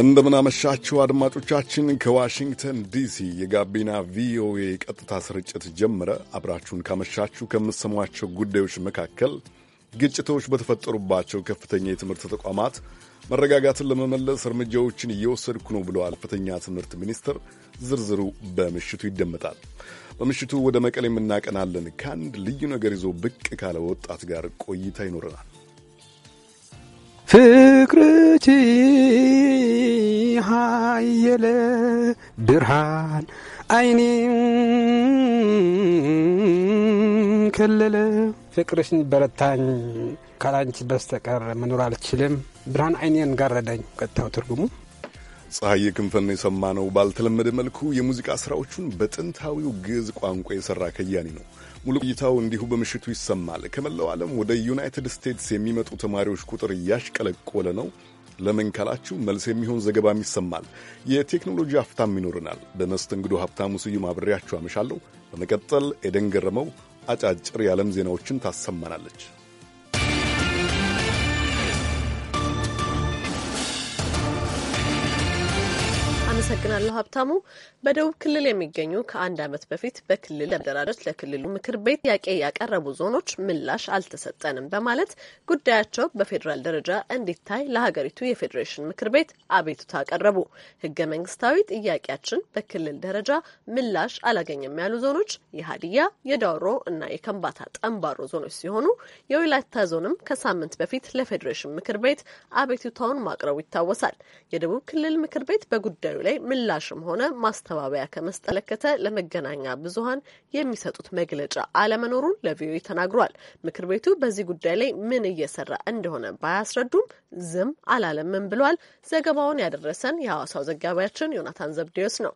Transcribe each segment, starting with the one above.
እንደምናመሻችሁ አድማጮቻችን፣ ከዋሽንግተን ዲሲ የጋቢና ቪኦኤ ቀጥታ ስርጭት ጀምረ። አብራችሁን ካመሻችሁ ከምትሰሟቸው ጉዳዮች መካከል ግጭቶች በተፈጠሩባቸው ከፍተኛ የትምህርት ተቋማት መረጋጋትን ለመመለስ እርምጃዎችን እየወሰድኩ ነው ብለዋል ከፍተኛ ትምህርት ሚኒስትር። ዝርዝሩ በምሽቱ ይደመጣል። በምሽቱ ወደ መቀሌ የምናቀናለን። ከአንድ ልዩ ነገር ይዞ ብቅ ካለ ወጣት ጋር ቆይታ ይኖረናል። ፍቅርቺ ሃየለ ብርሃን አይኔም ከለለ ፍቅርሽን በረታኝ ካላንቺ በስተቀር መኖር አልችልም ብርሃን አይኔን ጋረደኝ ቀጥታው ትርጉሙ ፀሐዬ ክንፈን የሰማ ነው። ባልተለመደ መልኩ የሙዚቃ ሥራዎቹን በጥንታዊው ግዕዝ ቋንቋ የሠራ ከያኒ ነው። ሙሉ ቆይታው እንዲሁ በምሽቱ ይሰማል። ከመላው ዓለም ወደ ዩናይትድ ስቴትስ የሚመጡ ተማሪዎች ቁጥር እያሽቀለቆለ ነው። ለምን ካላችሁ መልስ የሚሆን ዘገባም ይሰማል። የቴክኖሎጂ ሀፍታም ይኖረናል። በመስተንግዶ ሀብታሙ ስዩም አብሬያችሁ አመሻለሁ። በመቀጠል ኤደን ገረመው አጫጭር የዓለም ዜናዎችን ታሰማናለች። አመሰግናለሁ ሀብታሙ። በደቡብ ክልል የሚገኙ ከአንድ ዓመት በፊት በክልል አደራጆች ለክልሉ ምክር ቤት ጥያቄ ያቀረቡ ዞኖች ምላሽ አልተሰጠንም በማለት ጉዳያቸው በፌዴራል ደረጃ እንዲታይ ለሀገሪቱ የፌዴሬሽን ምክር ቤት አቤቱታ አቀረቡ። ህገ መንግስታዊ ጥያቄያችን በክልል ደረጃ ምላሽ አላገኘም ያሉ ዞኖች የሀዲያ፣ የዳውሮ እና የከምባታ ጠንባሮ ዞኖች ሲሆኑ የወላይታ ዞንም ከሳምንት በፊት ለፌዴሬሽን ምክር ቤት አቤቱታውን ማቅረቡ ይታወሳል። የደቡብ ክልል ምክር ቤት በጉዳዩ ላይ ላይ ምላሽም ሆነ ማስተባበያ ከመስጠለከተ ለመገናኛ ብዙሀን የሚሰጡት መግለጫ አለመኖሩን ለቪኦኤ ተናግሯል። ምክር ቤቱ በዚህ ጉዳይ ላይ ምን እየሰራ እንደሆነ ባያስረዱም ዝም አላለምን ብሏል። ዘገባውን ያደረሰን የሐዋሳው ዘጋቢያችን ዮናታን ዘብዴዎስ ነው።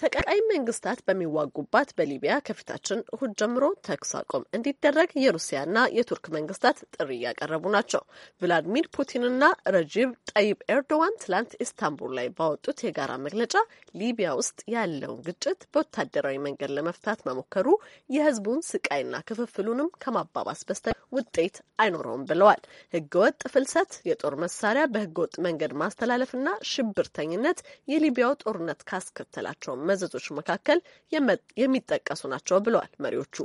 ተቀጣይ መንግስታት በሚዋጉባት በሊቢያ ከፊታችን እሁድ ጀምሮ ተኩስ አቁም እንዲደረግ የሩሲያና የቱርክ መንግስታት ጥሪ እያቀረቡ ናቸው። ቭላዲሚር ፑቲንና ረጂብ ጠይብ ኤርዶዋን ትላንት ኢስታንቡል ላይ ባወጡት የጋራ መግለጫ ሊቢያ ውስጥ ያለውን ግጭት በወታደራዊ መንገድ ለመፍታት መሞከሩ የህዝቡን ስቃይና ክፍፍሉንም ከማባባስ በስተ ውጤት አይኖረውም ብለዋል። ህገወጥ ፍልሰት፣ የጦር መሳሪያ በህገወጥ መንገድ ማስተላለፍና ሽብርተኝነት የሊቢያው ጦርነት ካስከተላቸው መዘዞች መካከል የሚጠቀሱ ናቸው ብለዋል መሪዎቹ።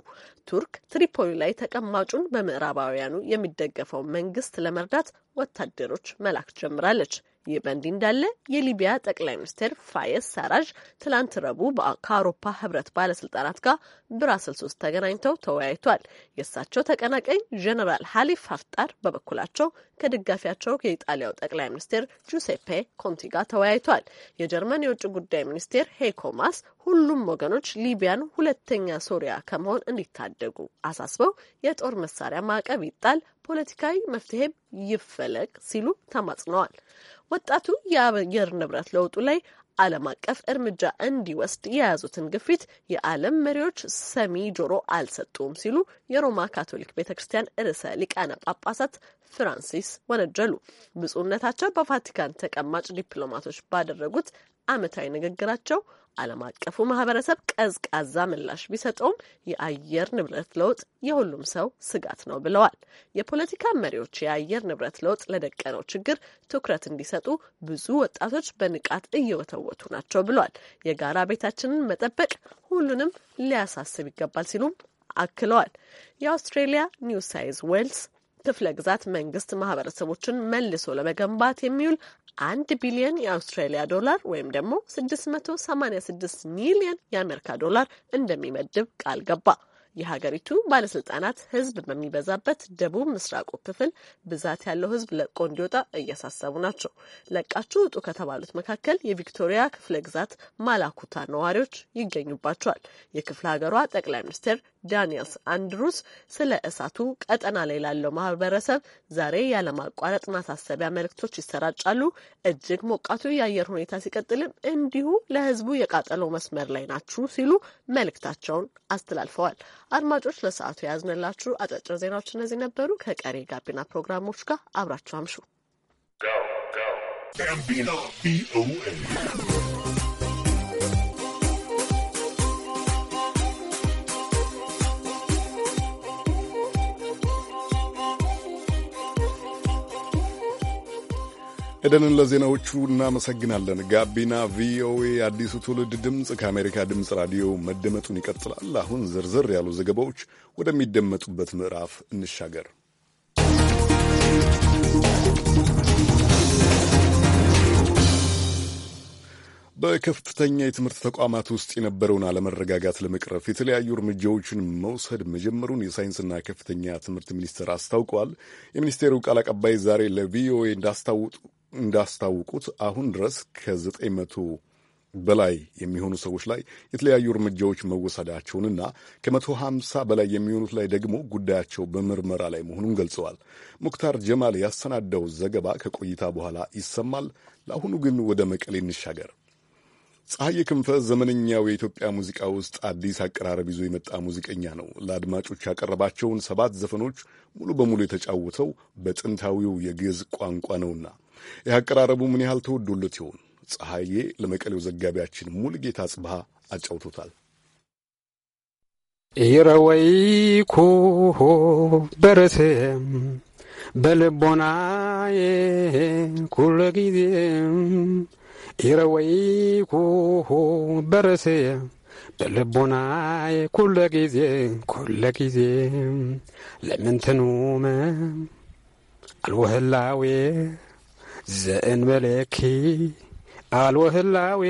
ቱርክ ትሪፖሊ ላይ ተቀማጩን በምዕራባውያኑ የሚደገፈው መንግስት ለመርዳት ወታደሮች መላክ ጀምራለች። ይህ በእንዲህ እንዳለ የሊቢያ ጠቅላይ ሚኒስትር ፋየስ ሳራጅ ትላንት ረቡዕ ከአውሮፓ ህብረት ባለስልጣናት ጋር ብራስልስ ውስጥ ተገናኝተው ተወያይቷል። የእሳቸው ተቀናቃኝ ጀኔራል ሀሊፍ ሀፍጣር በበኩላቸው ከደጋፊያቸው የኢጣሊያው ጠቅላይ ሚኒስትር ጁሴፔ ኮንቲ ጋር ተወያይቷል። የጀርመን የውጭ ጉዳይ ሚኒስቴር ሄይኮ ማስ ሁሉም ወገኖች ሊቢያን ሁለተኛ ሶሪያ ከመሆን እንዲታደጉ አሳስበው የጦር መሳሪያ ማዕቀብ ይጣል፣ ፖለቲካዊ መፍትሄም ይፈለግ ሲሉ ተማጽነዋል። ወጣቱ የአየር ንብረት ለውጡ ላይ ዓለም አቀፍ እርምጃ እንዲወስድ የያዙትን ግፊት የዓለም መሪዎች ሰሚ ጆሮ አልሰጡም ሲሉ የሮማ ካቶሊክ ቤተ ክርስቲያን ርዕሰ ሊቃነ ጳጳሳት ፍራንሲስ ወነጀሉ። ብፁዕነታቸው በቫቲካን ተቀማጭ ዲፕሎማቶች ባደረጉት ዓመታዊ ንግግራቸው ዓለም አቀፉ ማህበረሰብ ቀዝቃዛ ምላሽ ቢሰጠውም የአየር ንብረት ለውጥ የሁሉም ሰው ስጋት ነው ብለዋል። የፖለቲካ መሪዎች የአየር ንብረት ለውጥ ለደቀነው ችግር ትኩረት እንዲሰጡ ብዙ ወጣቶች በንቃት እየወተወቱ ናቸው ብለዋል። የጋራ ቤታችንን መጠበቅ ሁሉንም ሊያሳስብ ይገባል ሲሉም አክለዋል። የአውስትሬሊያ ኒው ዌልስ ክፍለ ግዛት መንግስት ማህበረሰቦችን መልሶ ለመገንባት የሚውል አንድ ቢሊዮን የአውስትራሊያ ዶላር ወይም ደግሞ 686 ሚሊዮን የአሜሪካ ዶላር እንደሚመድብ ቃል ገባ። የሀገሪቱ ባለስልጣናት ህዝብ በሚበዛበት ደቡብ ምስራቁ ክፍል ብዛት ያለው ህዝብ ለቆ እንዲወጣ እያሳሰቡ ናቸው። ለቃችሁ ውጡ ከተባሉት መካከል የቪክቶሪያ ክፍለ ግዛት ማላኩታ ነዋሪዎች ይገኙባቸዋል። የክፍለ ሀገሯ ጠቅላይ ሚኒስትር ዳንኤልስ አንድሩስ ስለ እሳቱ ቀጠና ላይ ላለው ማህበረሰብ ዛሬ ያለማቋረጥ ማሳሰቢያ መልእክቶች ይሰራጫሉ። እጅግ ሞቃቱ የአየር ሁኔታ ሲቀጥልም እንዲሁ ለህዝቡ የቃጠለው መስመር ላይ ናችሁ ሲሉ መልእክታቸውን አስተላልፈዋል። አድማጮች ለሰዓቱ የያዝንላችሁ አጫጭር ዜናዎች እነዚህ ነበሩ። ከቀሬ ጋቢና ፕሮግራሞች ጋር አብራችሁ አምሹ። ኤደንን ለዜናዎቹ እናመሰግናለን። ጋቢና ቪኦኤ አዲሱ ትውልድ ድምፅ ከአሜሪካ ድምፅ ራዲዮ መደመጡን ይቀጥላል። አሁን ዝርዝር ያሉ ዘገባዎች ወደሚደመጡበት ምዕራፍ እንሻገር። በከፍተኛ የትምህርት ተቋማት ውስጥ የነበረውን አለመረጋጋት ለመቅረፍ የተለያዩ እርምጃዎችን መውሰድ መጀመሩን የሳይንስና ከፍተኛ ትምህርት ሚኒስቴር አስታውቋል። የሚኒስቴሩ ቃል አቀባይ ዛሬ ለቪኦኤ እንዳስታውቁት አሁን ድረስ ከዘጠኝ መቶ በላይ የሚሆኑ ሰዎች ላይ የተለያዩ እርምጃዎች መወሰዳቸውንና ከመቶ ሃምሳ በላይ የሚሆኑት ላይ ደግሞ ጉዳያቸው በምርመራ ላይ መሆኑን ገልጸዋል። ሙክታር ጀማል ያሰናዳው ዘገባ ከቆይታ በኋላ ይሰማል። ለአሁኑ ግን ወደ መቀሌ እንሻገር። ፀሐይ ክንፈ ዘመነኛው የኢትዮጵያ ሙዚቃ ውስጥ አዲስ አቀራረብ ይዞ የመጣ ሙዚቀኛ ነው። ለአድማጮች ያቀረባቸውን ሰባት ዘፈኖች ሙሉ በሙሉ የተጫወተው በጥንታዊው የግዕዝ ቋንቋ ነውና የአቀራረቡ ምን ያህል ተወዶለት ይሆን? ፀሐዬ ለመቀሌው ዘጋቢያችን ሙልጌታ ጽብሃ አጫውቶታል። ይረወይኩሁ በረሴም በልቦናዬ ኩሉ ጊዜም ይረወይኩሁ በረሴ በልቦናዬ ኩሉ ጊዜ ኩሉ ጊዜ ለምንትኑመ አልወህላዌ ዘእንበለኪ አልወህላዌ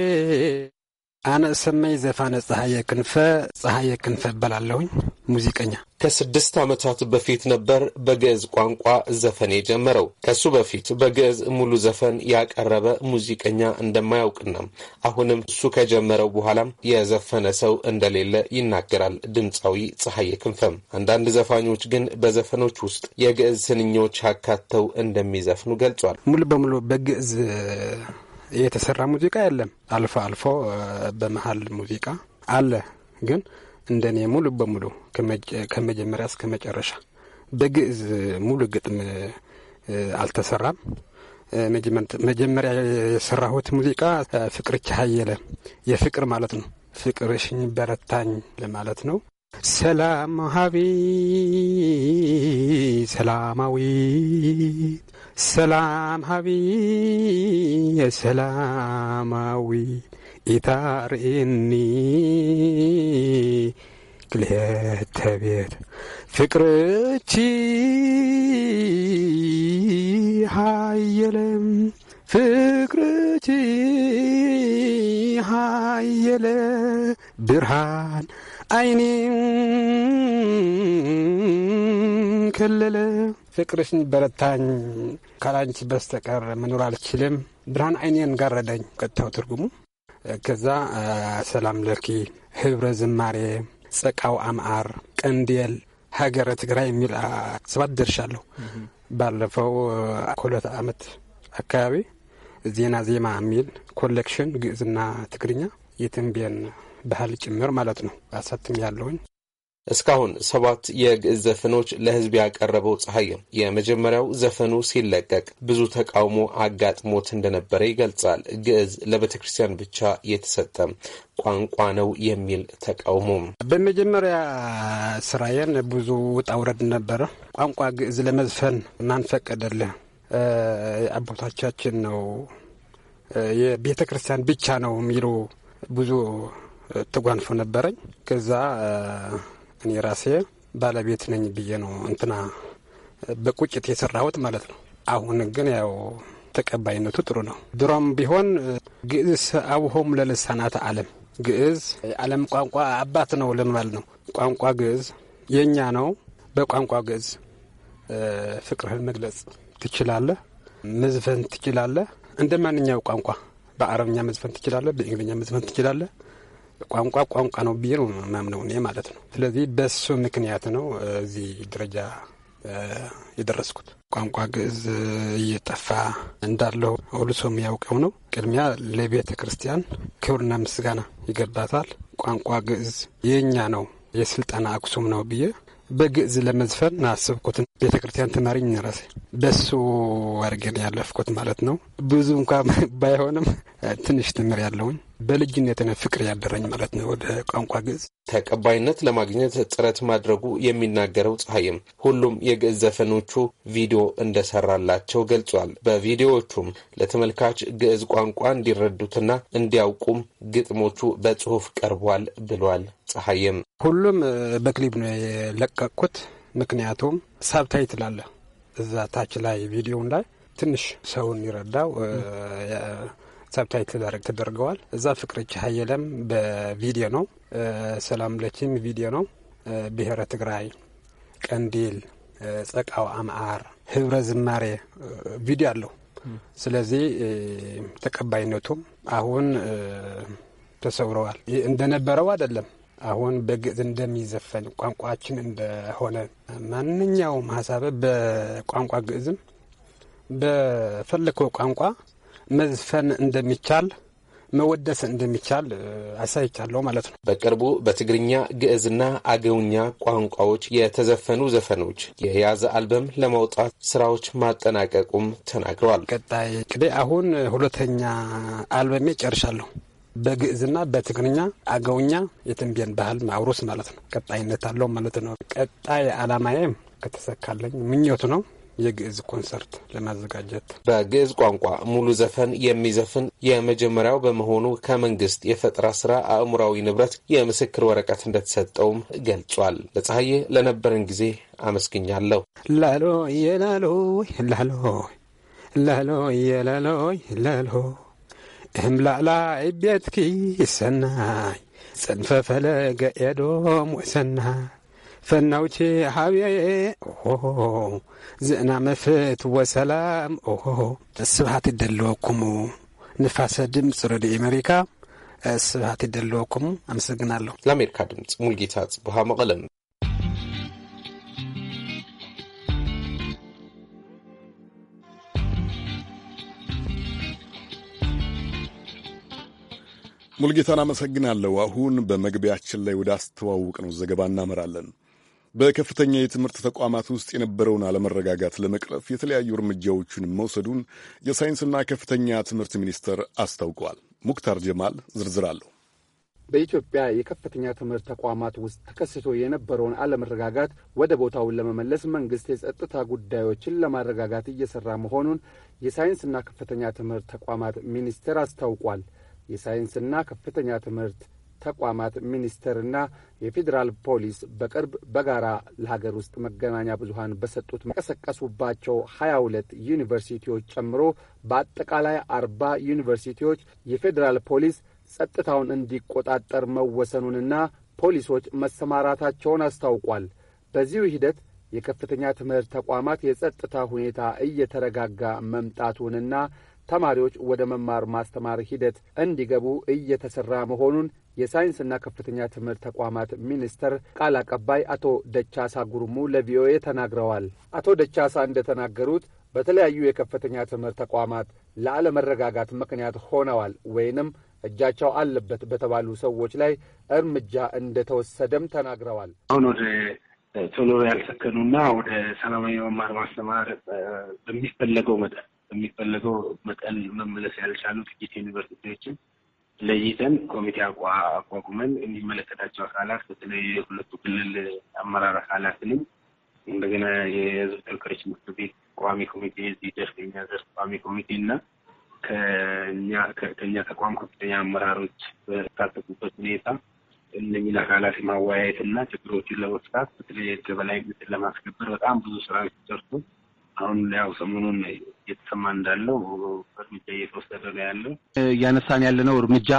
አነ ሰመይ ዘፋነ ፀሐየ ክንፈ ፀሐየ ክንፈ እባላለሁኝ። ሙዚቀኛ ከስድስት ዓመታት በፊት ነበር በግዕዝ ቋንቋ ዘፈን የጀመረው። ከሱ በፊት በግዕዝ ሙሉ ዘፈን ያቀረበ ሙዚቀኛ እንደማያውቅና አሁንም እሱ ከጀመረው በኋላም የዘፈነ ሰው እንደሌለ ይናገራል ድምፃዊ ፀሐየ ክንፈም። አንዳንድ ዘፋኞች ግን በዘፈኖች ውስጥ የግዕዝ ስንኞች አካተው እንደሚዘፍኑ ገልጿል። ሙሉ በሙሉ በግዕዝ የተሰራ ሙዚቃ የለም። አልፎ አልፎ በመሀል ሙዚቃ አለ፣ ግን እንደኔ ሙሉ በሙሉ ከመጀመሪያ እስከ መጨረሻ በግዕዝ ሙሉ ግጥም አልተሰራም። መጀመሪያ የሰራሁት ሙዚቃ ፍቅርች ሀየለ የፍቅር ማለት ነው። ፍቅርሽኝ በረታኝ ለማለት ነው። ሰላም ሀቢ ሰላማዊት سلام هبي سلام هوي إتار إني كليت تبير فكرتي هاي لم فكرتي هايلة برهان عيني كللم ፍቅርሽን በረታኝ ካላንቺ በስተቀር መኖር አልችልም። ብርሃን አይኔን ጋረደኝ ቀጥታው ትርጉሙ። ከዛ ሰላም ለኪ ህብረ ዝማሬ ጸቃው አምአር ቀንዴል ሀገረ ትግራይ የሚል ሰባት ድርሻ አለሁ። ባለፈው ኮለት አመት አካባቢ ዜና ዜማ የሚል ኮሌክሽን ግዕዝና ትግርኛ የትንቤን ባህል ጭምር ማለት ነው አሳትም ያለውኝ እስካሁን ሰባት የግዕዝ ዘፈኖች ለህዝብ ያቀረበው ፀሐይ የመጀመሪያው ዘፈኑ ሲለቀቅ ብዙ ተቃውሞ አጋጥሞት እንደነበረ ይገልጻል። ግዕዝ ለቤተ ክርስቲያን ብቻ የተሰጠ ቋንቋ ነው የሚል ተቃውሞ። በመጀመሪያ ስራዬን ብዙ ውጣ ውረድ ነበረ። ቋንቋ ግዕዝ ለመዝፈን ማን ፈቀደልህ? አባቶቻችን ነው የቤተ ክርስቲያን ብቻ ነው የሚሉ ብዙ ትጓንፎ ነበረኝ ከዛ እኔ ራሴ ባለቤት ነኝ ብዬ ነው እንትና በቁጭት የሰራሁት ማለት ነው። አሁን ግን ያው ተቀባይነቱ ጥሩ ነው። ድሮም ቢሆን ግዕዝ አብሆም ለልሳናት ዓለም ግዕዝ የዓለም ቋንቋ አባት ነው ልንባል ነው። ቋንቋ ግዕዝ የእኛ ነው። በቋንቋ ግዕዝ ፍቅርህን መግለጽ ትችላለህ፣ መዝፈን ትችላለህ። እንደ ማንኛው ቋንቋ በአረብኛ መዝፈን ትችላለህ፣ በእንግሊዝኛ መዝፈን ትችላለህ። ቋንቋ ቋንቋ ነው ብዬ ነው ማምነው እኔ ማለት ነው። ስለዚህ በሱ ምክንያት ነው እዚህ ደረጃ የደረስኩት። ቋንቋ ግዕዝ እየጠፋ እንዳለው ሁሉ ሰው የሚያውቀው ነው። ቅድሚያ ለቤተ ክርስቲያን ክብርና ምስጋና ይገባታል። ቋንቋ ግዕዝ የእኛ ነው፣ የስልጠና አክሱም ነው ብዬ በግዕዝ ለመዝፈን አስብኩትን ቤተ ክርስቲያን ተማሪኝ ራሴ በሱ አድርገን ያለፍኩት ማለት ነው። ብዙ እንኳ ባይሆንም ትንሽ ትምህር ያለውኝ። በልጅነት ፍቅር ያደረኝ ማለት ነው ወደ ቋንቋ ግዕዝ። ተቀባይነት ለማግኘት ጥረት ማድረጉ የሚናገረው ፀሐይም ሁሉም የግዕዝ ዘፈኖቹ ቪዲዮ እንደሰራላቸው ገልጿል። በቪዲዮዎቹም ለተመልካች ግዕዝ ቋንቋ እንዲረዱትና እንዲያውቁም ግጥሞቹ በጽሁፍ ቀርቧል ብሏል። ፀሐይም ሁሉም በክሊፕ ነው የለቀቅኩት። ምክንያቱም ሳብታይትል አለ እዛ ታች ላይ ቪዲዮውን ላይ ትንሽ ሰውን ይረዳው ሳብታይትል ተደርገዋል። እዛ ፍቅርች ሀየለም በቪዲዮ ነው። ሰላም ለችም ቪዲዮ ነው። ብሔረ ትግራይ፣ ቀንዲል፣ ጸቃው አምዓር፣ ህብረ ዝማሬ ቪዲዮ አለው። ስለዚህ ተቀባይነቱም አሁን ተሰውረዋል። እንደነበረው አይደለም። አሁን በግዕዝ እንደሚዘፈን ቋንቋችን እንደሆነ ማንኛውም ሀሳብ በቋንቋ ግዕዝም በፈለከው ቋንቋ መዝፈን እንደሚቻል መወደስ እንደሚቻል አሳይቻለሁ ማለት ነው። በቅርቡ በትግርኛ ግዕዝና አገውኛ ቋንቋዎች የተዘፈኑ ዘፈኖች የያዘ አልበም ለማውጣት ስራዎች ማጠናቀቁም ተናግረዋል። ቀጣይ እንግዲህ አሁን ሁለተኛ አልበሜ ጨርሻለሁ። በግዕዝና በትግርኛ አገውኛ የትንቢን ባህል ማውሮስ ማለት ነው። ቀጣይነት አለው ማለት ነው። ቀጣይ አላማዬም ከተሰካለኝ ምኞት ነው የግዕዝ ኮንሰርት ለማዘጋጀት በግዕዝ ቋንቋ ሙሉ ዘፈን የሚዘፍን የመጀመሪያው በመሆኑ ከመንግስት የፈጠራ ስራ አእምሯዊ ንብረት የምስክር ወረቀት እንደተሰጠውም ገልጿል። ለፀሐዬ ለነበረን ጊዜ አመስግኛለሁ። ላሎ የላሎ ላሎ ላሎ የላሎ ላሎ እምላዕላ ዕቤትኪ ሰናይ ጽንፈ ፈለገ ኤዶም ወሰናይ ፈናውቼ ሃብየ ዝእና መፍት ወሰላም ስብሃት ይደለወኩም ንፋሰ ድምፂ ረድዩ ኣሜሪካ ስብሃት ይደለወኩም ኣመሰግናለሁ ለኣሜሪካ ድምፂ ሙልጌታ ፅቡሃ መቐለም ሙልጌታን አመሰግናለሁ። አሁን በመግቢያችን ላይ ወደ አስተዋውቅ ነው ዘገባ እናመራለን። በከፍተኛ የትምህርት ተቋማት ውስጥ የነበረውን አለመረጋጋት ለመቅረፍ የተለያዩ እርምጃዎችን መውሰዱን የሳይንስና ከፍተኛ ትምህርት ሚኒስቴር አስታውቋል። ሙክታር ጀማል ዝርዝር አለሁ። በኢትዮጵያ የከፍተኛ ትምህርት ተቋማት ውስጥ ተከስቶ የነበረውን አለመረጋጋት ወደ ቦታውን ለመመለስ መንግስት የጸጥታ ጉዳዮችን ለማረጋጋት እየሰራ መሆኑን የሳይንስና ከፍተኛ ትምህርት ተቋማት ሚኒስቴር አስታውቋል። የሳይንስና ከፍተኛ ትምህርት ተቋማት ሚኒስቴርና የፌዴራል ፖሊስ በቅርብ በጋራ ለሀገር ውስጥ መገናኛ ብዙኃን በሰጡት መቀሰቀሱባቸው ሀያ ሁለት ዩኒቨርሲቲዎች ጨምሮ በአጠቃላይ አርባ ዩኒቨርሲቲዎች የፌዴራል ፖሊስ ጸጥታውን እንዲቆጣጠር መወሰኑንና ፖሊሶች መሰማራታቸውን አስታውቋል። በዚሁ ሂደት የከፍተኛ ትምህርት ተቋማት የጸጥታ ሁኔታ እየተረጋጋ መምጣቱንና ተማሪዎች ወደ መማር ማስተማር ሂደት እንዲገቡ እየተሰራ መሆኑን የሳይንስና ከፍተኛ ትምህርት ተቋማት ሚኒስቴር ቃል አቀባይ አቶ ደቻሳ ጉርሙ ለቪኦኤ ተናግረዋል። አቶ ደቻሳ እንደተናገሩት በተለያዩ የከፍተኛ ትምህርት ተቋማት ለአለመረጋጋት ምክንያት ሆነዋል ወይንም እጃቸው አለበት በተባሉ ሰዎች ላይ እርምጃ እንደተወሰደም ተናግረዋል። አሁን ወደ ቶሎ ያልሰከኑና ወደ ሰላማዊ መማር ማስተማር በሚፈለገው መጠን በሚፈለገው መጠን መመለስ ያልቻሉ ጥቂት ዩኒቨርሲቲዎችን ለይተን ኮሚቴ አቋቁመን የሚመለከታቸው አካላት በተለይ የሁለቱ ክልል አመራር አካላትንም እንደገና የህዝብ ተወካዮች ምክር ቤት ቋሚ ኮሚቴ የዚህ ደርግ የሚያዘር ቋሚ ኮሚቴ እና ከእኛ ተቋም ከፍተኛ አመራሮች በተሳተፉበት ሁኔታ እነሚን አካላት ማወያየት እና ችግሮችን ለመፍታት በተለይ ገበላይ የበላይነትን ለማስከበር በጣም ብዙ ስራዎች ተሰርቶ አሁን ያው ሰሞኑን እየተሰማ እንዳለው እርምጃ እየተወሰደ ነው ያለው። እያነሳን ያለነው እርምጃ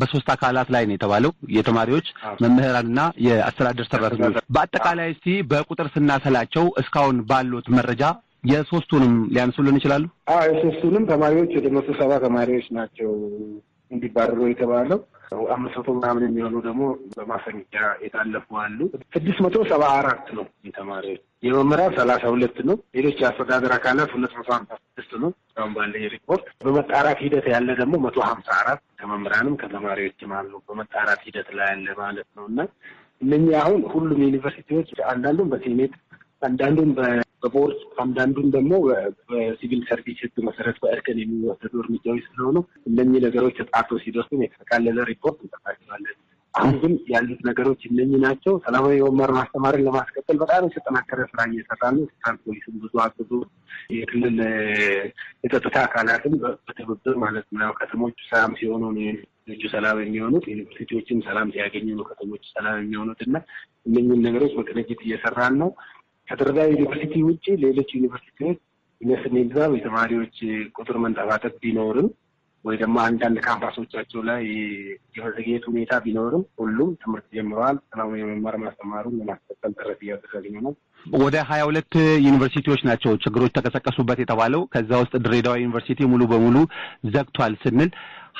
በሶስት አካላት ላይ ነው የተባለው የተማሪዎች መምህራንና የአስተዳደር ሰራተኞች። በአጠቃላይ እስቲ በቁጥር ስናሰላቸው እስካሁን ባሉት መረጃ የሶስቱንም ሊያነሱልን ይችላሉ? አዎ የሶስቱንም ተማሪዎች ወደ መቶ ሰባ ተማሪዎች ናቸው እንዲባረሩ የተባለው አምስት መቶ ምናምን የሚሆኑ ደግሞ በማፈንጫ የታለፉ አሉ። ስድስት መቶ ሰባ አራት ነው የተማሪዎች የመምህራን ሰላሳ ሁለት ነው። ሌሎች የአስተዳደር አካላት ሁለት መቶ ሀምሳ ስድስት ነው። አሁን ባለ ሪፖርት በመጣራት ሂደት ያለ ደግሞ መቶ ሀምሳ አራት ከመምህራንም ከተማሪዎችም አሉ በመጣራት ሂደት ላይ ያለ ማለት ነው እና እነኚህ አሁን ሁሉም ዩኒቨርሲቲዎች አንዳንዱም በሴኔት አንዳንዱም በቦርድ አንዳንዱን ደግሞ በሲቪል ሰርቪስ ህግ መሰረት በእርቅን የሚወሰዱ እርምጃዎች ስለሆኑ እነኚህ ነገሮች ተጣርቶ ሲደርሱ የተጠቃለለ ሪፖርት እንጠፋቸዋለን። አሁን ግን ያሉት ነገሮች እነኚህ ናቸው። ሰላማዊ የመማር ማስተማርን ለማስቀጠል በጣም የተጠናከረ ስራ እየሰራ ነው። ስታን ፖሊስም ብዙ አግዞ የክልል የጸጥታ አካላትም በትብብር ማለት ነው። ከተሞቹ ሰላም ሲሆኑ ነው ሰላም የሚሆኑት ዩኒቨርሲቲዎችም ሰላም ሲያገኙ ነው ከተሞቹ ሰላም የሚሆኑት እና እነኚህን ነገሮች በቅንጅት እየሰራን ነው። ከድሬዳዋ ዩኒቨርሲቲ ውጭ ሌሎች ዩኒቨርሲቲዎች ይመስል የተማሪዎች ቁጥር መንጠባጠብ ቢኖርም ወይ ደግሞ አንዳንድ ካምፓሶቻቸው ላይ የመዘግየት ሁኔታ ቢኖርም ሁሉም ትምህርት ጀምረዋል። ሰላሙ የመማር ማስተማሩን ለማስቀጠል ጥረት እያደረግን ነው። ወደ ሀያ ሁለት ዩኒቨርሲቲዎች ናቸው ችግሮች ተቀሰቀሱበት የተባለው። ከዛ ውስጥ ድሬዳዋ ዩኒቨርሲቲ ሙሉ በሙሉ ዘግቷል ስንል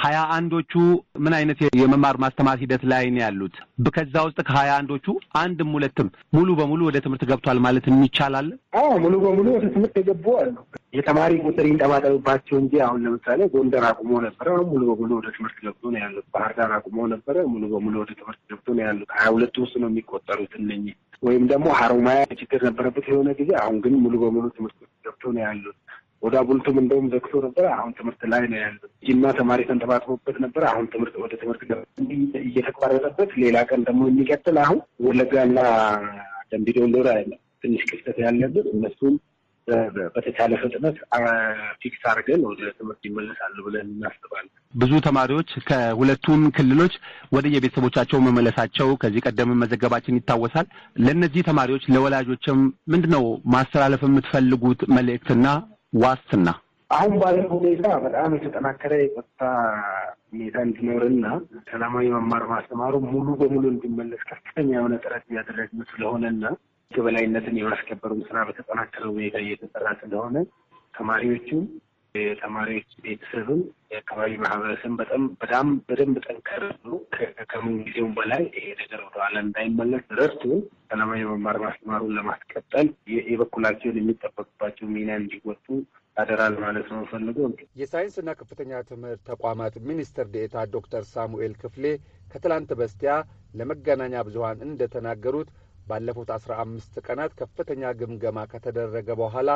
ሀያ አንዶቹ ምን አይነት የመማር ማስተማር ሂደት ላይ ነው ያሉት? ከዛ ውስጥ ከሀያ አንዶቹ አንድም ሁለትም ሙሉ በሙሉ ወደ ትምህርት ገብቷል ማለት ይቻላል? አዎ ሙሉ በሙሉ ወደ ትምህርት የገቡ አሉ። የተማሪ ቁጥር ይንጠባጠብባቸው እንጂ አሁን ለምሳሌ ጎንደር አቁሞ ነበረ፣ ሙሉ በሙሉ ወደ ትምህርት ገብቶ ነው ያሉት። ባህር ዳር አቁሞ ነበረ፣ ሙሉ በሙሉ ወደ ትምህርት ገብቶ ነው ያሉት። ሀያ ሁለቱ ውስጥ ነው የሚቆጠሩት እነኚህ። ወይም ደግሞ ሀሮማያ ችግር ነበረበት የሆነ ጊዜ፣ አሁን ግን ሙሉ በሙሉ ትምህርት ገብቶ ነው ያሉት። ወደ አቡልቱም እንደውም ዘግቶ ነበረ። አሁን ትምህርት ላይ ነው ያለው። ጅማ ተማሪ ተንተባጥቦበት ነበረ። አሁን ትምህርት ወደ ትምህርት እየተቋረጠበት፣ ሌላ ቀን ደግሞ የሚቀጥል አሁን ወለጋና ደንቢዶሎ ያለ ትንሽ ክፍተት ያለብን እነሱም በተቻለ ፍጥነት ፊክስ አድርገን ወደ ትምህርት ይመለሳሉ ብለን እናስባለን። ብዙ ተማሪዎች ከሁለቱም ክልሎች ወደ የቤተሰቦቻቸው መመለሳቸው ከዚህ ቀደም መዘገባችን ይታወሳል። ለእነዚህ ተማሪዎች ለወላጆችም ምንድን ነው ማስተላለፍ የምትፈልጉት መልእክትና ዋስትና አሁን ባለው ሁኔታ በጣም የተጠናከረ የጸጥታ ሁኔታ እንዲኖርና ሰላማዊ መማር ማስተማሩ ሙሉ በሙሉ እንዲመለስ ከፍተኛ የሆነ ጥረት እያደረግን ስለሆነና ህግ የበላይነትን የማስከበሩን ስራ በተጠናከረ ሁኔታ እየተሰራ ስለሆነ ተማሪዎቹም የተማሪዎች ቤተሰብም የአካባቢ ማህበረሰብ በጣም በጣም በደንብ ጠንከር ነው። ከምን ጊዜውም በላይ ይሄ ነገር ወደኋላ እንዳይመለስ ረድቶ ሰላማዊ መማር ማስተማሩን ለማስቀጠል የበኩላቸውን የሚጠበቅባቸው ሚና እንዲወጡ አደራል ማለት ነው ፈልገው የሳይንስና ከፍተኛ ትምህርት ተቋማት ሚኒስትር ዴኤታ ዶክተር ሳሙኤል ክፍሌ ከትላንት በስቲያ ለመገናኛ ብዙሀን እንደተናገሩት ባለፉት አስራ አምስት ቀናት ከፍተኛ ግምገማ ከተደረገ በኋላ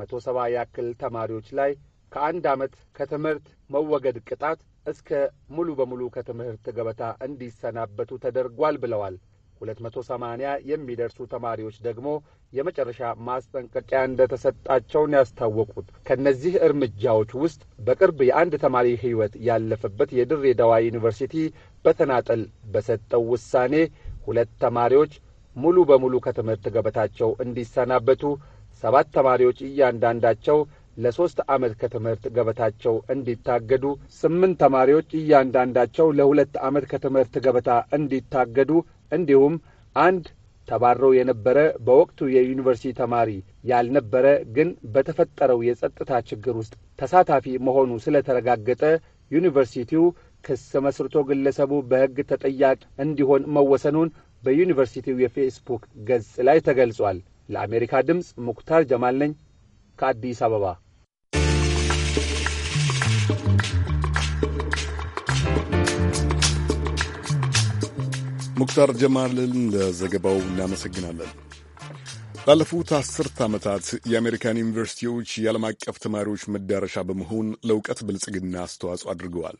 መቶ ሰባ ያክል ተማሪዎች ላይ ከአንድ ዓመት ከትምህርት መወገድ ቅጣት እስከ ሙሉ በሙሉ ከትምህርት ገበታ እንዲሰናበቱ ተደርጓል ብለዋል። 280 የሚደርሱ ተማሪዎች ደግሞ የመጨረሻ ማስጠንቀቂያ እንደተሰጣቸውን ያስታወቁት። ከእነዚህ እርምጃዎች ውስጥ በቅርብ የአንድ ተማሪ ሕይወት ያለፈበት የድሬዳዋ ዩኒቨርሲቲ በተናጠል በሰጠው ውሳኔ ሁለት ተማሪዎች ሙሉ በሙሉ ከትምህርት ገበታቸው እንዲሰናበቱ፣ ሰባት ተማሪዎች እያንዳንዳቸው ለሦስት ዓመት ከትምህርት ገበታቸው እንዲታገዱ፣ ስምንት ተማሪዎች እያንዳንዳቸው ለሁለት ዓመት ከትምህርት ገበታ እንዲታገዱ እንዲሁም አንድ ተባረው የነበረ በወቅቱ የዩኒቨርሲቲ ተማሪ ያልነበረ ግን በተፈጠረው የጸጥታ ችግር ውስጥ ተሳታፊ መሆኑ ስለተረጋገጠ ዩኒቨርሲቲው ክስ መስርቶ ግለሰቡ በሕግ ተጠያቂ እንዲሆን መወሰኑን በዩኒቨርሲቲው የፌስቡክ ገጽ ላይ ተገልጿል። ለአሜሪካ ድምፅ ሙክታር ጀማል ነኝ ከአዲስ አበባ። ሙክታር ጀማልን ለዘገባው እናመሰግናለን። ባለፉት አስርት ዓመታት የአሜሪካን ዩኒቨርሲቲዎች የዓለም አቀፍ ተማሪዎች መዳረሻ በመሆን ለእውቀት ብልጽግና አስተዋጽኦ አድርገዋል።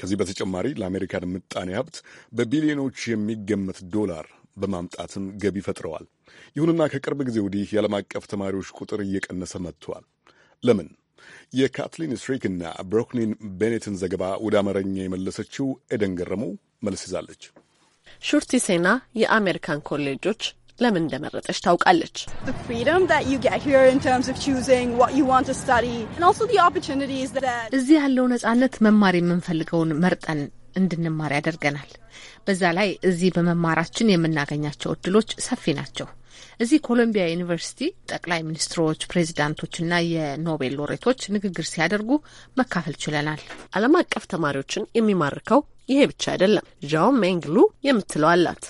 ከዚህ በተጨማሪ ለአሜሪካን ምጣኔ ሀብት በቢሊዮኖች የሚገመት ዶላር በማምጣትም ገቢ ፈጥረዋል። ይሁንና ከቅርብ ጊዜ ወዲህ የዓለም አቀፍ ተማሪዎች ቁጥር እየቀነሰ መጥቷል። ለምን? የካትሊን ስሪክ እና ብሮክኒን ቤኔትን ዘገባ ወደ አማርኛ የመለሰችው ኤደን ገረመው መልስ ይዛለች። ሹርቲ ሴና የአሜሪካን ኮሌጆች ለምን እንደመረጠች ታውቃለች። እዚህ ያለው ነጻነት መማር የምንፈልገውን መርጠን እንድንማር ያደርገናል። በዛ ላይ እዚህ በመማራችን የምናገኛቸው እድሎች ሰፊ ናቸው። እዚህ ኮሎምቢያ ዩኒቨርሲቲ ጠቅላይ ሚኒስትሮች፣ ፕሬዚዳንቶችና የኖቤል ሎሬቶች ንግግር ሲያደርጉ መካፈል ችለናል። ዓለም አቀፍ ተማሪዎችን የሚማርከው ይሄ ብቻ አይደለም። ዣው ሜንግሉ የምትለው አላት።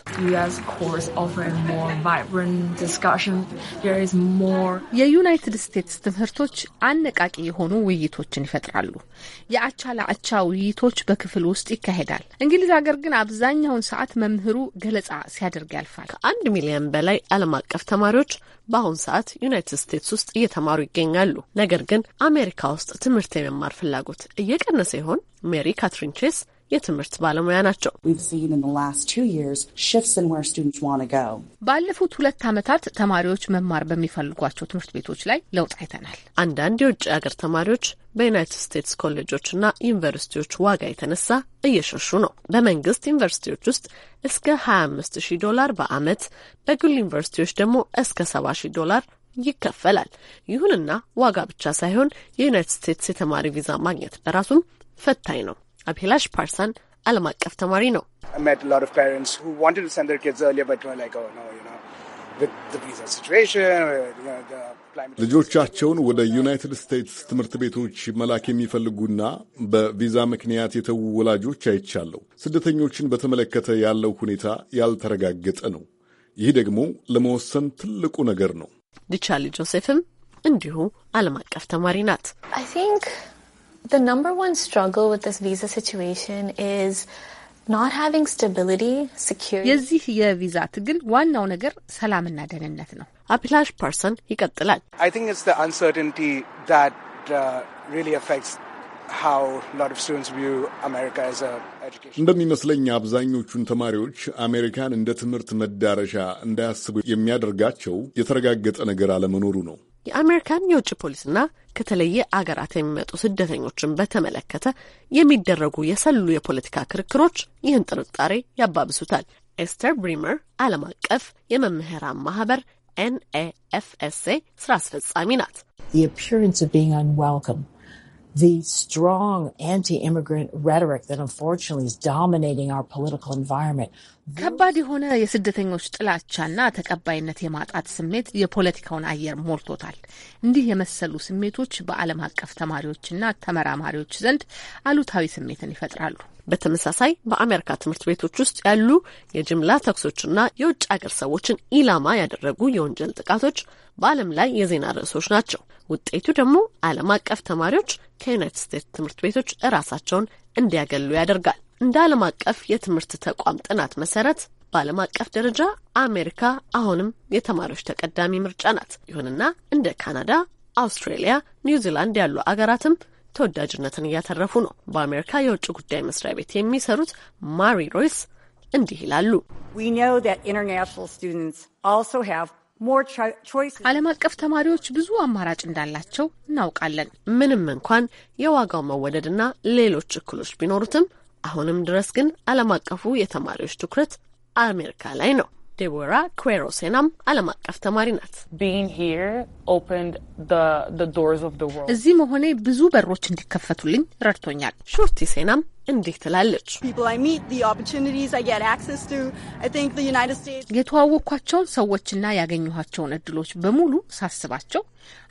የዩናይትድ ስቴትስ ትምህርቶች አነቃቂ የሆኑ ውይይቶችን ይፈጥራሉ። የአቻ ለአቻ ውይይቶች በክፍል ውስጥ ይካሄዳል። እንግሊዝ ሀገር ግን አብዛኛውን ሰዓት መምህሩ ገለጻ ሲያደርግ ያልፋል። ከአንድ ሚሊዮን በላይ ዓለም አቀፍ ተማሪዎች በአሁን ሰዓት ዩናይትድ ስቴትስ ውስጥ እየተማሩ ይገኛሉ። ነገር ግን አሜሪካ ውስጥ ትምህርት የመማር ፍላጎት እየቀነሰ ይሆን? ሜሪ ካትሪን ቼስ የትምህርት ባለሙያ ናቸው። ባለፉት ሁለት ዓመታት ተማሪዎች መማር በሚፈልጓቸው ትምህርት ቤቶች ላይ ለውጥ አይተናል። አንዳንድ የውጭ ሀገር ተማሪዎች በዩናይትድ ስቴትስ ኮሌጆችና ዩኒቨርሲቲዎች ዋጋ የተነሳ እየሸሹ ነው። በመንግስት ዩኒቨርሲቲዎች ውስጥ እስከ 25 ሺህ ዶላር በአመት በግል ዩኒቨርሲቲዎች ደግሞ እስከ 70 ሺህ ዶላር ይከፈላል። ይሁንና ዋጋ ብቻ ሳይሆን የዩናይትድ ስቴትስ የተማሪ ቪዛ ማግኘት በራሱም ፈታኝ ነው። አብሄላሽ ፓርሳን ዓለም አቀፍ ተማሪ ነው። oh, uh, ልጆቻቸውን ወደ ዩናይትድ ስቴትስ ትምህርት ቤቶች መላክ የሚፈልጉና በቪዛ ምክንያት የተዉ ወላጆች አይቻለሁ። ስደተኞችን በተመለከተ ያለው ሁኔታ ያልተረጋገጠ ነው። ይህ ደግሞ ለመወሰን ትልቁ ነገር ነው። ዲቻሊ ጆሴፍም እንዲሁ ዓለም አቀፍ ተማሪ ናት። The number one struggle with this visa situation is not having stability, security. የዚህ የቪዛ ትግል ዋናው ነገር ሰላምና ደህንነት ነው። አፒላሽ ፐርሰን ይቀጥላል። I think it's the uncertainty that uh, really affects how a lot of students view America as a እንደሚመስለኝ አብዛኞቹን ተማሪዎች አሜሪካን እንደ ትምህርት መዳረሻ እንዳያስቡ የሚያደርጋቸው የተረጋገጠ ነገር አለመኖሩ ነው። የአሜሪካን የውጭ ፖሊስና ከተለየ አገራት የሚመጡ ስደተኞችን በተመለከተ የሚደረጉ የሰሉ የፖለቲካ ክርክሮች ይህን ጥርጣሬ ያባብሱታል። ኤስተር ብሪመር ዓለም አቀፍ የመምህራን ማህበር ኤንኤኤፍኤስኤ ስራ አስፈጻሚ ናት። the strong anti-immigrant rhetoric that unfortunately is dominating our political environment ከባድ የሆነ የስደተኞች ጥላቻና ተቀባይነት የማጣት ስሜት የፖለቲካውን አየር ሞልቶታል። እንዲህ የመሰሉ ስሜቶች በዓለም አቀፍ ተማሪዎችና ተመራማሪዎች ዘንድ አሉታዊ ስሜትን ይፈጥራሉ። በተመሳሳይ በአሜሪካ ትምህርት ቤቶች ውስጥ ያሉ የጅምላ ተኩሶችና የውጭ አገር ሰዎችን ኢላማ ያደረጉ የወንጀል ጥቃቶች በዓለም ላይ የዜና ርዕሶች ናቸው። ውጤቱ ደግሞ ዓለም አቀፍ ተማሪዎች ከዩናይትድ ስቴትስ ትምህርት ቤቶች እራሳቸውን እንዲያገሉ ያደርጋል። እንደ ዓለም አቀፍ የትምህርት ተቋም ጥናት መሰረት በዓለም አቀፍ ደረጃ አሜሪካ አሁንም የተማሪዎች ተቀዳሚ ምርጫ ናት። ይሁንና እንደ ካናዳ፣ አውስትሬሊያ፣ ኒውዚላንድ ያሉ አገራትም ተወዳጅነትን እያተረፉ ነው። በአሜሪካ የውጭ ጉዳይ መስሪያ ቤት የሚሰሩት ማሪ ሮይስ እንዲህ ይላሉ። ዓለም አቀፍ ተማሪዎች ብዙ አማራጭ እንዳላቸው እናውቃለን። ምንም እንኳን የዋጋው መወደድና ሌሎች እክሎች ቢኖሩትም አሁንም ድረስ ግን ዓለም አቀፉ የተማሪዎች ትኩረት አሜሪካ ላይ ነው። ዴቦራ ኩዌሮ ሴናም ዓለም አቀፍ ተማሪ ናት። እዚህ መሆኔ ብዙ በሮች እንዲከፈቱልኝ ረድቶኛል። ሾርቲ ሴናም እንዲህ ትላለች። የተዋወቅኳቸውን ሰዎችና ያገኘኋቸውን እድሎች በሙሉ ሳስባቸው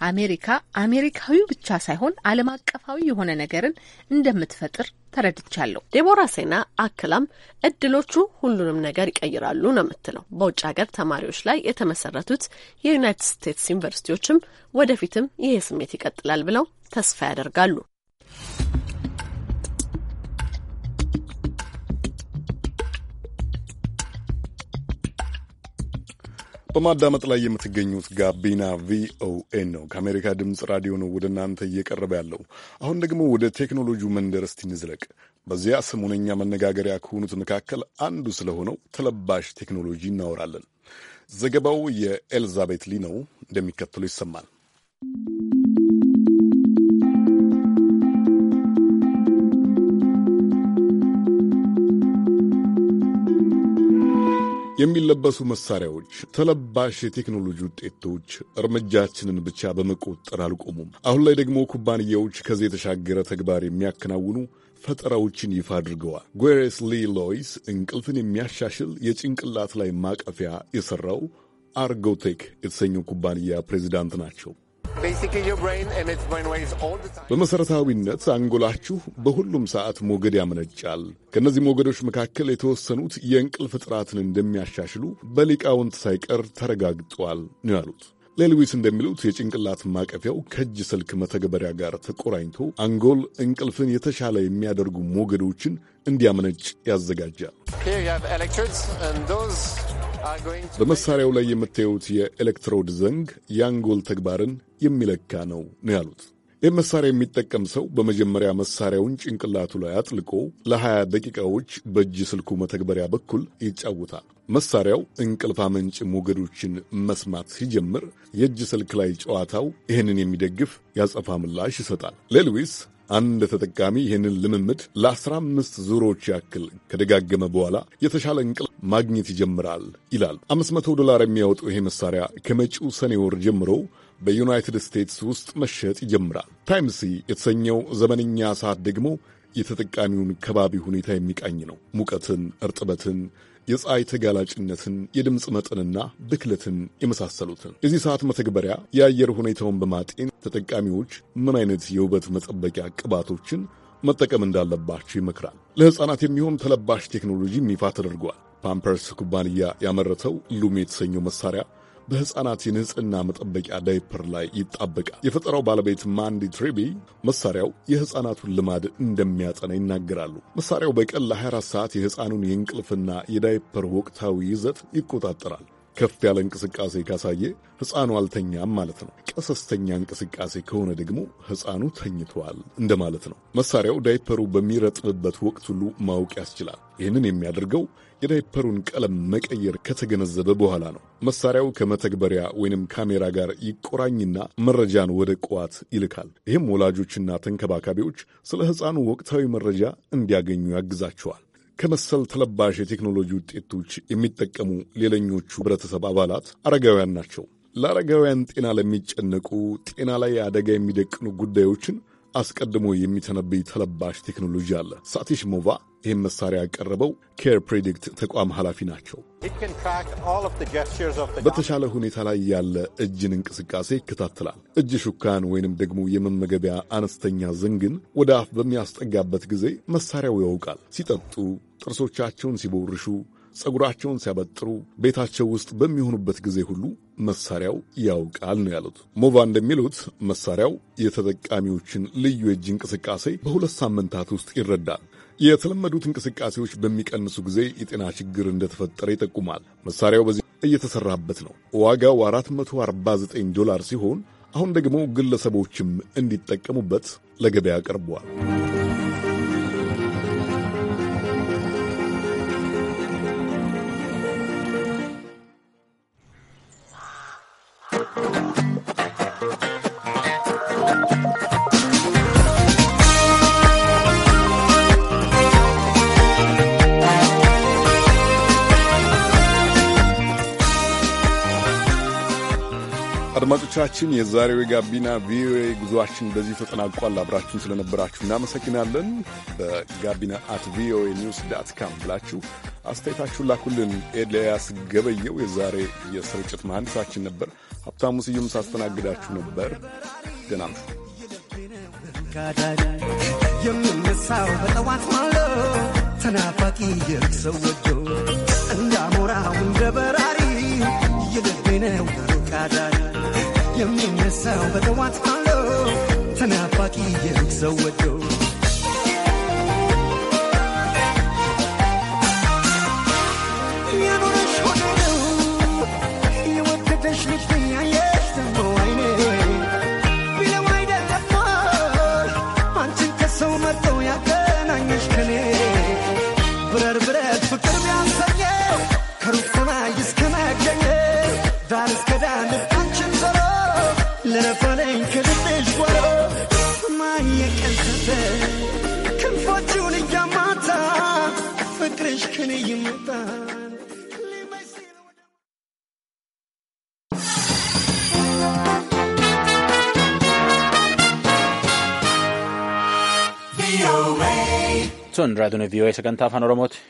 አሜሪካ አሜሪካዊ ብቻ ሳይሆን ዓለም አቀፋዊ የሆነ ነገርን እንደምትፈጥር ተረድቻለሁ። ዴቦራ ሴና አክላም እድሎቹ ሁሉንም ነገር ይቀይራሉ ነው የምትለው። በውጭ ሀገር ተማሪዎች ላይ የተመሰረቱት የዩናይትድ ስቴትስ ዩኒቨርሲቲዎችም ወደፊትም ይሄ ስሜት ይቀጥላል ብለው ተስፋ ያደርጋሉ። በማዳመጥ ላይ የምትገኙት ጋቢና ቪኦኤ ነው። ከአሜሪካ ድምፅ ራዲዮ ነው ወደ እናንተ እየቀረበ ያለው። አሁን ደግሞ ወደ ቴክኖሎጂው መንደር እስቲ እንዝለቅ። በዚያ ሰሞነኛ መነጋገሪያ ከሆኑት መካከል አንዱ ስለሆነው ተለባሽ ቴክኖሎጂ እናወራለን። ዘገባው የኤልዛቤት ሊ ነው፣ እንደሚከተሉ ይሰማል። የሚለበሱ መሳሪያዎች፣ ተለባሽ የቴክኖሎጂ ውጤቶች እርምጃችንን ብቻ በመቆጠር አልቆሙም። አሁን ላይ ደግሞ ኩባንያዎች ከዚህ የተሻገረ ተግባር የሚያከናውኑ ፈጠራዎችን ይፋ አድርገዋል። ጎሬስ ሊ ሎይስ እንቅልፍን የሚያሻሽል የጭንቅላት ላይ ማቀፊያ የሠራው አርጎቴክ የተሰኘው ኩባንያ ፕሬዚዳንት ናቸው። በመሠረታዊነት አንጎላችሁ በሁሉም ሰዓት ሞገድ ያመነጫል። ከእነዚህ ሞገዶች መካከል የተወሰኑት የእንቅልፍ ጥራትን እንደሚያሻሽሉ በሊቃውንት ሳይቀር ተረጋግጧል ነው ያሉት። ሌልዊስ እንደሚሉት የጭንቅላት ማቀፊያው ከእጅ ስልክ መተግበሪያ ጋር ተቆራኝቶ አንጎል እንቅልፍን የተሻለ የሚያደርጉ ሞገዶችን እንዲያመነጭ ያዘጋጃል። በመሳሪያው ላይ የምታዩት የኤሌክትሮድ ዘንግ የአንጎል ተግባርን የሚለካ ነው ነው ያሉት። ይህ መሳሪያ የሚጠቀም ሰው በመጀመሪያ መሳሪያውን ጭንቅላቱ ላይ አጥልቆ ለ20 ደቂቃዎች በእጅ ስልኩ መተግበሪያ በኩል ይጫወታል። መሳሪያው እንቅልፍ አመንጭ ሞገዶችን መስማት ሲጀምር የእጅ ስልክ ላይ ጨዋታው ይህንን የሚደግፍ ያጸፋ ምላሽ ይሰጣል። ለሉዊስ አንድ ተጠቃሚ ይህንን ልምምድ ለ15 ዙሮዎች ያክል ከደጋገመ በኋላ የተሻለ እንቅልፍ ማግኘት ይጀምራል ይላል። 500 ዶላር የሚያወጣው ይሄ መሳሪያ ከመጪው ሰኔ ወር ጀምሮ በዩናይትድ ስቴትስ ውስጥ መሸጥ ይጀምራል። ታይምሲ የተሰኘው ዘመንኛ ሰዓት ደግሞ የተጠቃሚውን ከባቢ ሁኔታ የሚቃኝ ነው። ሙቀትን፣ እርጥበትን የፀሐይ ተጋላጭነትን፣ የድምፅ መጠንና ብክለትን የመሳሰሉትን። የዚህ ሰዓት መተግበሪያ የአየር ሁኔታውን በማጤን ተጠቃሚዎች ምን አይነት የውበት መጠበቂያ ቅባቶችን መጠቀም እንዳለባቸው ይመክራል። ለሕፃናት የሚሆን ተለባሽ ቴክኖሎጂም ይፋ ተደርጓል። ፓምፐርስ ኩባንያ ያመረተው ሉም የተሰኘው መሳሪያ በሕፃናት የንጽህና መጠበቂያ ዳይፐር ላይ ይጣበቃል። የፈጠራው ባለቤት ማንዲ ትሪቢ መሳሪያው የሕፃናቱን ልማድ እንደሚያጸና ይናገራሉ። መሳሪያው በቀን ለ24 ሰዓት የሕፃኑን የእንቅልፍና የዳይፐር ወቅታዊ ይዘት ይቆጣጠራል። ከፍ ያለ እንቅስቃሴ ካሳየ ሕፃኑ አልተኛም ማለት ነው። ቀሰስተኛ እንቅስቃሴ ከሆነ ደግሞ ሕፃኑ ተኝቷል እንደማለት ነው። መሳሪያው ዳይፐሩ በሚረጥብበት ወቅት ሁሉ ማወቅ ያስችላል። ይህንን የሚያደርገው የዳይፐሩን ቀለም መቀየር ከተገነዘበ በኋላ ነው። መሳሪያው ከመተግበሪያ ወይንም ካሜራ ጋር ይቆራኝና መረጃን ወደ ቋት ይልካል። ይህም ወላጆችና ተንከባካቢዎች ስለ ሕፃኑ ወቅታዊ መረጃ እንዲያገኙ ያግዛቸዋል። ከመሰል ተለባሽ የቴክኖሎጂ ውጤቶች የሚጠቀሙ ሌለኞቹ ህብረተሰብ አባላት አረጋውያን ናቸው። ለአረጋውያን ጤና ለሚጨነቁ ጤና ላይ አደጋ የሚደቅኑ ጉዳዮችን አስቀድሞ የሚተነብይ ተለባሽ ቴክኖሎጂ አለ። ሳቲሽ ሞቫ ይህም መሳሪያ ያቀረበው ኬር ፕሬዲክት ተቋም ኃላፊ ናቸው። በተሻለ ሁኔታ ላይ ያለ እጅን እንቅስቃሴ ይከታተላል። እጅ ሹካን ወይንም ደግሞ የመመገቢያ አነስተኛ ዘንግን ወደ አፍ በሚያስጠጋበት ጊዜ መሳሪያው ያውቃል። ሲጠጡ፣ ጥርሶቻቸውን ሲቦርሹ፣ ጸጉራቸውን ሲያበጥሩ፣ ቤታቸው ውስጥ በሚሆኑበት ጊዜ ሁሉ መሳሪያው ያውቃል ነው ያሉት። ሞቫ እንደሚሉት መሳሪያው የተጠቃሚዎችን ልዩ የእጅ እንቅስቃሴ በሁለት ሳምንታት ውስጥ ይረዳል። የተለመዱት እንቅስቃሴዎች በሚቀንሱ ጊዜ የጤና ችግር እንደተፈጠረ ይጠቁማል። መሳሪያው በዚህ እየተሰራበት ነው። ዋጋው 449 ዶላር ሲሆን አሁን ደግሞ ግለሰቦችም እንዲጠቀሙበት ለገበያ ቀርቧል። አድማጮቻችን የዛሬው የጋቢና ቪኦኤ ጉዞአችን በዚህ ተጠናቋል። አብራችሁን ስለነበራችሁ እናመሰግናለን። በጋቢና አት ቪኦኤ ኒውስ ዳት ካም ብላችሁ አስተያየታችሁን ላኩልን። ኤልያስ ገበየው የዛሬ የስርጭት መሐንዲሳችን ነበር። ሀብታሙ ስዩም ሳስተናግዳችሁ ነበር። ደህና ነው የምነሳው በጠዋት ማለ ተናፋቂ የሰወጆ እንዳሞራው እንደ በራሪ የልቤ ነው You mean yourself, but the ones I love. Tanapaki, you look so adorable. Ibsuun raadiyoon vii'oo sagantaa afaan Oromooti.